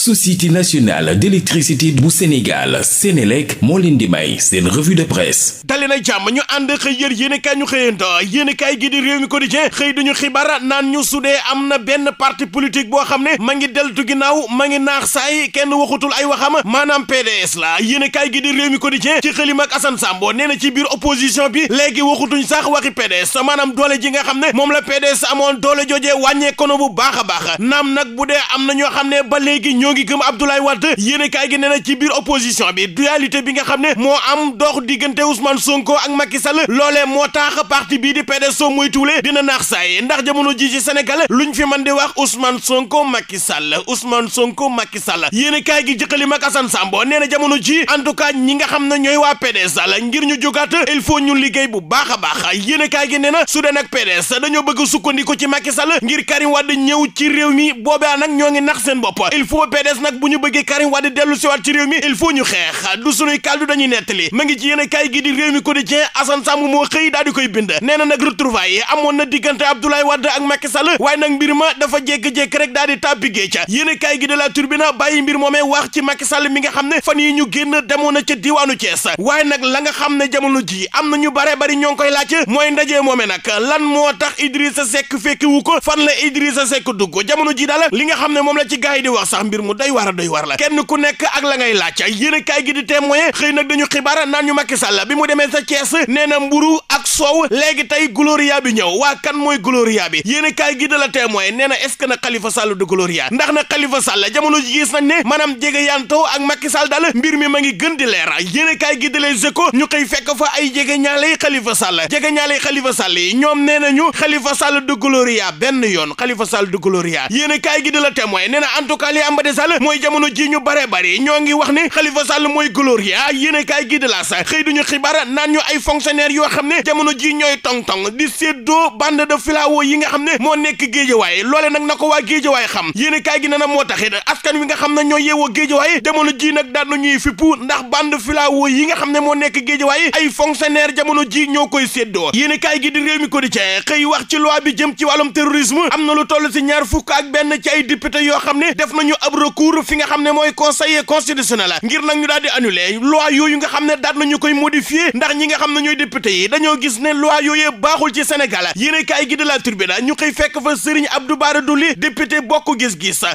société nationale d'électricité bu Sénégal Sénélec moo leen di may seen revue de presse dali na jàmm ñu ànd xëy yër yéenekaay ñu xëyanto yéenekaay gi di Rewmi Quotidien xëy duñu xibaar naan ñu sudee am na benn parti politique boo xam ne ma ngi deltu ginnaaw ma ngi naax saay kenn waxutul ay waxam maanaam PDS la kaay gi di Rewmi di ci xëlim ak Assane Sambo nee na ci biir opposition bi léegi waxutuñ sax waxi PDS maanaam doole ji nga xam ne moom la PDS amoon doole joojee wàññee kono bu baax a baax naam nag bu dee am na ba léegi ñoo ngi gëm Abdoulaye Wade yéenekaay gi nee na ci biir opposition bi dualité bi nga xam ne moo am dox diggante Ousmane Sonko ak Macky Sall loolee moo tax parti bii di PDS muy tuule dina naax saay ndax jamono ji ci lu ñu fi man di wax Ousmane Sonko Macky Sall Ousmane Sonko Macky Sall yéenekaay gi jëkkali mag Assane Sambo nee na jamono ji en tout cas ñi nga xam ne ñooy waa PDS ngir ñu jógaat il faut ñu liggéey bu baax a baax yéenekaay gi nee na su dee nag PDS dañoo bëgg sukkandiku ci Macky Sall ngir Karim Wade ñëw ci réew mi boobaa nag ñoo PDS nag bu ñu bëggee Karim Wade dellu siwaat ci réew mi il faut ñu xeex du sunuy kàddu dañuy nettali ma ngi ci yéen a kaay gi di réew mi quotidien Assane Samb moo xëy daal di koy bind nee na nag retrouvailles amoon na diggante Abdoulaye Wade ak Macky Sall waaye nag mbir ma dafa jékki-jékki rek daal di tàbbi géej ca yéen a kaay gi de la Tribune bàyyi mbir moomee wax ci Macky mi nga xam ne fan yi ñu génn demoon a ca diwaanu Thiès waaye nag la nga xam ne jamono ji am na ñu bare bari ñoo koy laaj mooy ndaje moomee nag lan moo tax Idrissa Seck fekkiwu ko fan la Idrissa Seck dugg jamono ji daal li nga xam ne moom la ci gaay yi di wax sax mbir mu doy waar a doy waar la kenn ku nekk ak la ngay laaj yéen kaay gi di témoin xëy nag dañu xibaar naan ñu Macky Sall bi mu demee sa Thiès nee na mburu ak soow léegi tey Gloria bi ñëw waa kan mooy Gloria bi yéen kaay gi de la témoin nee na est-ce que na Khalifa Sall du Gloria ndax na Khalifa Sall jamono ji gis nañ ne maanaam jege yantoo ak Macky Sall daal mbir mi ma ngi gën di leer yéen kaay gi de Les Échos ñu xëy fekk fa ay jege ñaaley Khalifa Sall jege ñaaley Khalifa Sall yi ñoom nee nañu Khalifa Sall du Gloria benn yoon Khalifa Sall du Gloria yéen kaay gi la témoin nee na en Sall mooy jamono ji ñu bare bari ñoo ngi wax ne Khalifa Sall mooy gloria yéene kaay gi de la sax xëy duñu xibaar naan ñu ay fonctionnaires yoo xam ne jamono ji ñooy tong-tong di séddoo bande de filao yi nga xam ne moo nekk géejawaay loole nag na ko waa géejawaay xam yéene kaay gi ne na moo taxit askan wi nga xam ne ñoo yeewoo géejawaay jamono ji nag daan nañuy fippu ndax bande filao yi nga xam ne moo nekk géejawaay ay fonctionnaire jamono ji ñoo koy séddoo yéene kaay gi di réew mi ko di cee xëy wax ci loi bi jëm ci wàllum terrorisme am na lu toll si ñaar fukk ak benn ci ay député yoo xam ne def nañu ab recours fi nga xam ne mooy conseil constitutionnel ngir nag ñu daal di annulé loi yooyu nga xam ne daat nañu koy modifié ndax ñi nga xam ne ñooy député dañoo gis ne loi yooyu baaxul ci Sénégal yéene kaay gi de la ñu koy fekk fa Serigne Abdou Bara Dolly député bokk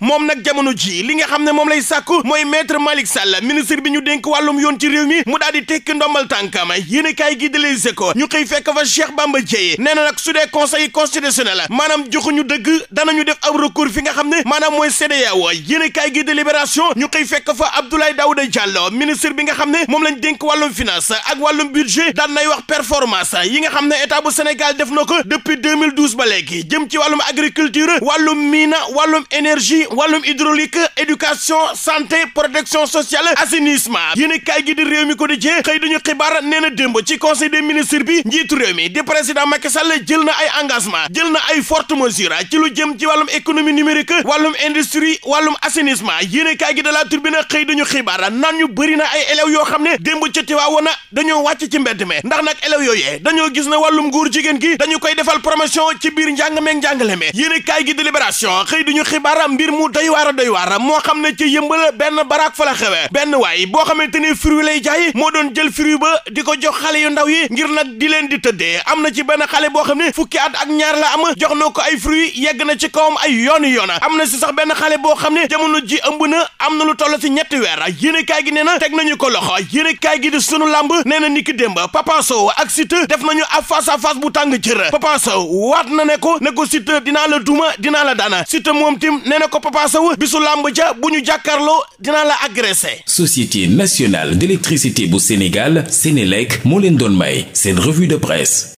moom nag jamono ji li nga xam ne moom lay sàkku mooy maître Malick Sall ministre bi ñu dénk wàllum yoon ci réew mi mu daal di tekki ndombal tànkam yéene kaay gi de Les Échos ñu fekk fa Cheikh Bamba Dièye nee na nag su dee conseil constitutionnel maanaam joxuñu dëgg danañu def ab recours fi nga xam ne maanaam mooy CEDEAO yéene kaay kaay gi de libération ñu koy fekk fa Abdoulaye Daouda Diallo ministre bi nga xam ne moom lañ dénk wàllum finance ak wàllum budget daan nay wax performance yi nga xam ne état bu def na ko depuis 2012 ba léegi jëm ci wàllum agriculture wàllum miina wàllum énergie wàllum hydraulique éducation santé protection sociale assainissement yi a kaay gi di réew mi ko di jee xëy dañu xibaar nee na démb ci conseil des ministres bi njiitu réew mi di président Macky Sall jël na ay engagement jël na ay fortes mesures ci lu jëm ci wàllum économie numérique wàllum industrie wàllum assainissement assainissement yéene kaay gi de la Tribune xëy dañu xibaar naan ñu bëri ay élèves yoo xam ne démb ca Tivaouane dañoo wàcc ci mbedd mi ndax nag élèves yooyee dañoo gis ne wàllum góor jigéen gi dañu koy defal promotion ci biir njàng meeg njàngale mi yéene kaay gi de Libération xëy dañu xibaar mbir mu doy waar a doy waar moo xam ne ci yëmbal benn baraak fa la xewee benn waay boo xamante ni fruit lay jaay moo doon jël fruit ba di ko jox xale yu ndaw yi ngir nag di leen di tëddee am na ci benn xale boo xam ne fukki at ak ñaar la am jox na ko ay fruit yegg na ci kawam ay yoon yoona am na si sax benn jamono ji ëmb na am na lu toll si ñetti weer yéenekaay gi nee na teg nañu ko loxo yéenekaay gi di sunu làmb nee na niki démb Papa Sow ak Siteu def nañu ab face à face bu tàng jër Papa Sow waat na ne ko ne ko Siteu dinaa la duma dinaa la daana Siteu moom tim nee na ko Papa Sow bisu làmb ja bu ñu jàkkaarloo dinaa la agressé. Société nationale d'électricité bu Sénégal Sénélec moo leen doon may seen revue de presse.